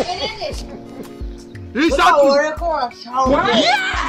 It is. It's Oracle of Solomon. Yeah!